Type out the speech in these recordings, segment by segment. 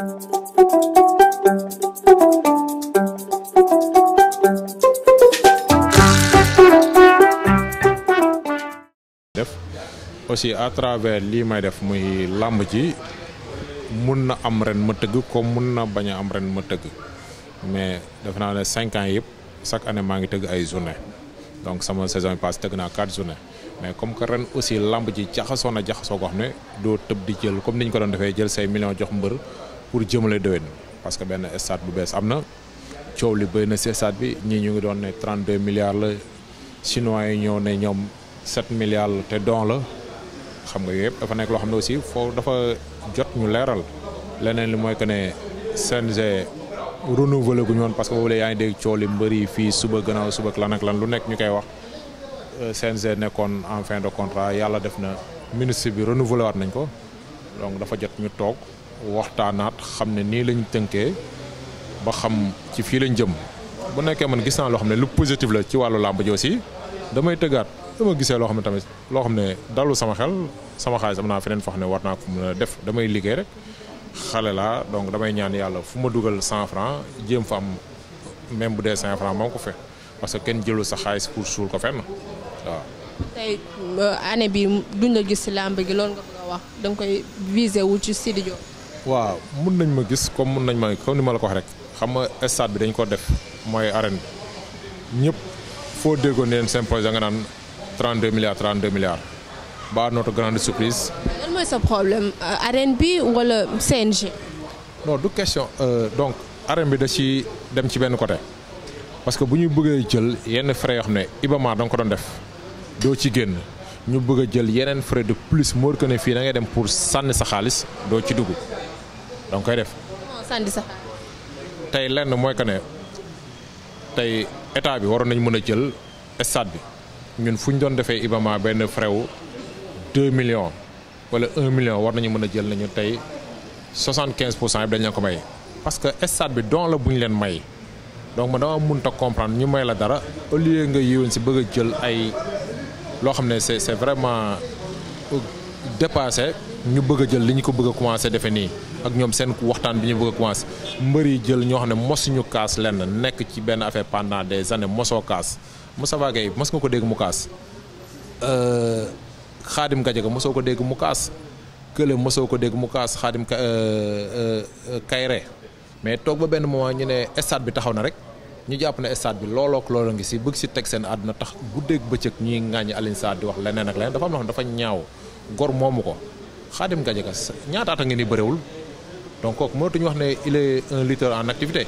def aussi à travers lii may def muy làmb ji mun na am ren ma tëgg comme mun na bañ a am ren ma tëgg mais def naa ne cinq ans yëpp chaque année maa ngi tëgg ay journée donc sama saison yi passée tëgg naa quatre journée mais comme que ren aussi làmb ji jaxasoo na jaxasoo ko xam ne doo tëb di jël comme ni ñu ko doon defee jël say million jox mbër pour jëmale déwén parce que benn stade bu bees am na coow li bëri na si stade bi ñii ñu ngi doon ne 32 milliards la chinois yi ñëw ne ñoom 7 milliards te donc la xam nga yëpp dafa nekk loo xam ne aussi foo dafa jot ñu leeral leneen li mooy que ne CNG renouvelé gu ñu woon parce que boobu la yaa ngi dégg coow li mbër yi fii suba gannaaw suba ak lan lu nekk ñu koy wax euh, CNG nekkoon en fin de contrat yàlla def na ministre bi renouvelé waat nañ ko donc dafa jot toog. waxtaanaat xam ne nii lañ tënkee ba xam ci fii lañ jëm bu nekkee man gis naa loo xam ne lu positif la ci wàllu làmb ji aussi damay tëggaat dama gisee loo xam ne tamit loo xam ne dalul sama xel sama xaalis am naa feneen fax ne war naa ko mën a def damay liggéey rek xale laa donc damay ñaan yàlla fu ma dugal cent franc jéem fa am même bu dee cinq franc maa ngi ko fe parce que kenn jëlul sa xaalis pour suul ko fenn waaw. Euh, année bi duñ la gis si làmb gi wax da koy visé wu ci Sidy waaw mun nañ ma gis comme mun nañ ma comme ni ma la ko xam nga stade bi dañ ko def mooy arène bi ñëpp foo déggoon ne leen symposium da nga naan 32 milliards 32 milliards grande surprise. lan mooy sa problème euh, arène bi wala CNG. non du question euh, donc arène bi da ci dem ci benn côté parce que bu ñu bëggee jël yenn frais yoo xam ne Ibama danga ko doon def doo ci génn. ñu bëgg a jël yeneen frais de plus moo que ne fii da ngay dem pour sànni sa xaalis doo ci dugg da koy def. Oh, sànni sax. tey lenn mooy que ne tey état bi waroon nañ mën a jël stade bi ñun fu ñu doon defee Ibama benn frais wu million millions wala 1 million war nañu mën a jël nañu tey 75 pour cent yëpp dañ ko may. parce que stade bi don la bu ñu leen may donc man dama mënut comprendre ñu may la dara au lieu nga yéwén si bëgg a jël ay loo xam ne c'est c'est vraiment euh, dépassé. ñu bëgg a jël li ñu ko bëgg a commencé defe nii ak ñoom seen waxtaan bi ñu bëgg a commencé mbër yi jël ñoo xam ne mos mosuñu kaas lenn nekk ci benn affaire pendant des années mosoo kaas Moussa Gueye mos nga ko dégg mu kaas euh, Khadim Gadiaga mosoo ko dégg mu kaas mosoo ko dégg mu kaas Khadim Kayre euh, euh, mais toog ba benn moment ñu ne stade bi taxaw na rek ñu jàpp na stade bi looloo ko ngi si bëgg si teg seen àdduna tax guddeeg bëccëg ñuy ŋàññi Alioune Sarr di wax leneen ak leneen dafa am loo xam dafa ñaaw gor moomu ko. Khadim Gadiaga ñaata at a ngi ni bëriwul donc kooku mënatuñu wax ne il est un lutteur en activité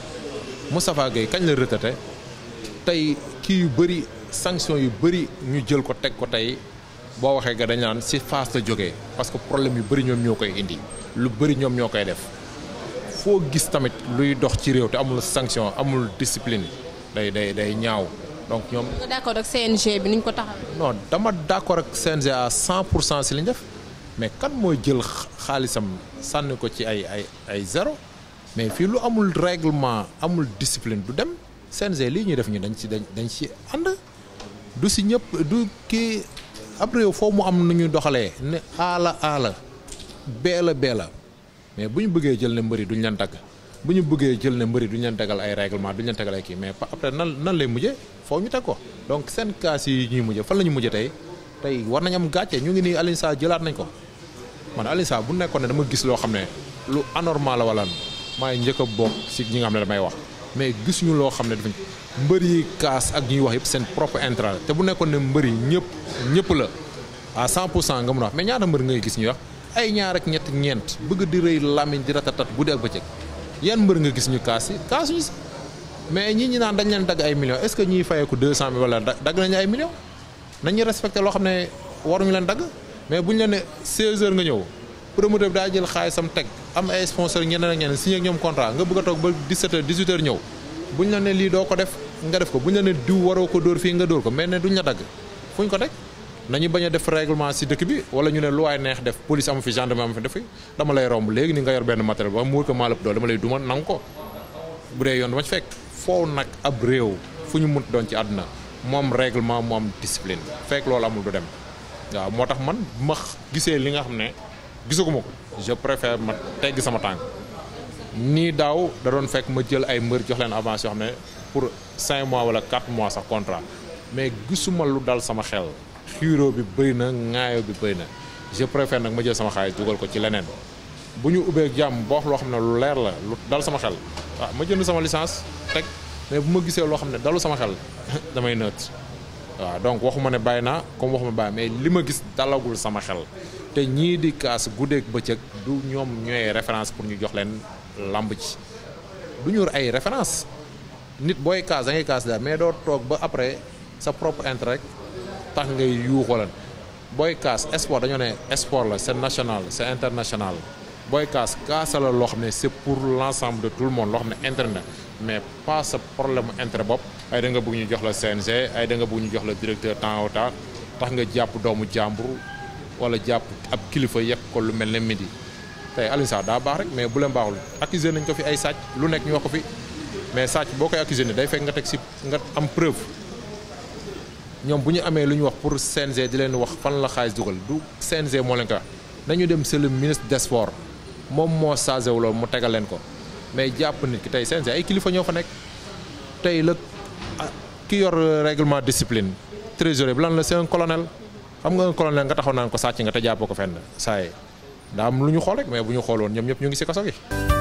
Moustapha Gueye kañ la retraité tey kii yu bëri sanction yu bëri ñu jël ko teg ko tey boo waxee ga dañ naan si phase la jógee parce que problème yu bëri ñoom ñoo koy indi lu bëri ñoom ñoo koy def foo gis tamit luy dox ci réew te amul sanction amul discipline day day day ñaaw donc ñoom. nga d'accord dama d'accord ak CNG à 100 pour cent si mais kan mooy jël xaalisam sànni ko ci ay ay ay zéro mais fii lu amul règlement amul discipline du dem CNG lii ñuy def ñu dañ ci dañ dañ ci ànd du si ñëpp du kii ab réew foo mu am nu ñuy doxalee ne aala aala beela beela mais bu ñu bëggee jël ne mbëri duñ leen dagg bu ñu bëggee jël ne mbëri duñ leen tegal ay règlement duñ leen tegal ay kii mais après nan nan lay mujje foo ñu teg ko donc seen kaas yi ñuy mujje fa la ñu mujje tey tey war nañ am gàcce ñu ngi nii Alioune Sarr jëlaat nañ ko man Alioune Sarr bu nekkoon ne dama gis loo xam ne lu anormal la wala maay njëkk a bokk si ñi nga xam ne damay wax mais gisuñu loo xam ne dafa mbër yi kaas ak ñuy wax yëpp seen propre intérêt te bu nekkoon ne mbër yi ñëpp ñëpp la à 100 pour nga a wax ngay gis ñuy wax ay ñaar ak ñett ñeent bëgg di rëy làmmiñ di ratatat bu dee ak bëccëg yan mbër nga gis ñu kaas yi kaasuñu si mais ñii ñi naan dañ leen dagg ay millions est ce que ñuy fayeeku 200 mille dagg nañu ay millions nañu respecté loo xam ne waruñu leen dagg mais bu ñu leen ne 16 nga ñëw promoteur bi daa jël xaalisam teg am ay sponsor ñeneen ak ñeneen signé ak ñoom contrat nga bëgg a toog ba 17 heures 18 heures ñëw bu ñu la ne lii doo ko def nga def ko bu ñu la ne diw waroo ko dóor fii nga dóor ko mais ne duñ la dagg fu ñu ko teg nañu bañ a def règlement si dëkk bi wala ñu ne lu waay neex def police amu fi gendarmerie amu fi def fi dama lay romb léegi ni nga yor benn matériel ba mu wër ko maa lépp doole dama ko bu dee yoon dama ci fekk foow nag ab réew fu ñu mën doon ci àdduna mu am règlement mu am discipline fekk loolu amul du dem waaw moo tax man ma gisee li nga xam ne gisaguma ko je préfère ma tegg sama tànk nii daaw da doon fekk ma jël ay mbër jox leen avance yoo xam ne pour 5 mois wala 4 mois sax contrat mais gisuma lu dal sama xel xiiroo bi bëri na ŋaayoo bi bëri na je préfère nag ma jël sama xaalis dugal ko ci leneen bu ñu ubbee jàmm boo loo xam ne lu leer la dal sama xel waaw ma jënd sama licence teg mais bu ma gisee loo xam ne dalu sama xel damay neutre waaw donc waxuma ne bàyyi naa comme waxuma bàyyi mais li ma gis dalagul sama xel te ñii di kaas guddeeg bëccëg du ñoom ñooy référence pour ñu jox leen làmb ci du ñu ay référence nit booy kaas da kaas daal mais doo toog ba après sa propre intérêt tax ngay yuuxu leen booy kaas sport dañoo ne sport la c'est national c'est international booy kaas kaasala loo xam ne c'est pour l'ensemble de tout le monde loo xam ne intérêt mais pas sa problème mu intérêt bopp ay da nga bëgg ñu jox la CNG ay da nga ñu jox la directeur temps au temps tax nga jàpp doomu jàmbur wala jàpp ab kilifa yekk ko lu mel ne midi tey Alioune Sarr daa baax rek mais bu leen baaxul accusé nañ ko fi ay sàcc lu nekk ñu wax ko fi mais sàcc boo koy accusé ne day fekk nga teg si nga am preuve ñoom bu ñu amee lu ñu wax pour CNG di leen wax fan la xaalis dugal du CNG moo leen dem c'est le ministre des sports moom moo changé wu loolu mu tegal leen ko mais jàpp nit ki tey CNG ay kilifa ñoo fa nekk tey la ki yor règlement discipline trésorier bi lan la c'est un colonel xam nga un colonel nga taxaw naan ko sàcc nga te jàpp ko fenn saa yi daa lu ñu xool rek mais bu ñu xooloon ñoom ñëpp ñu ngi si kaso gi.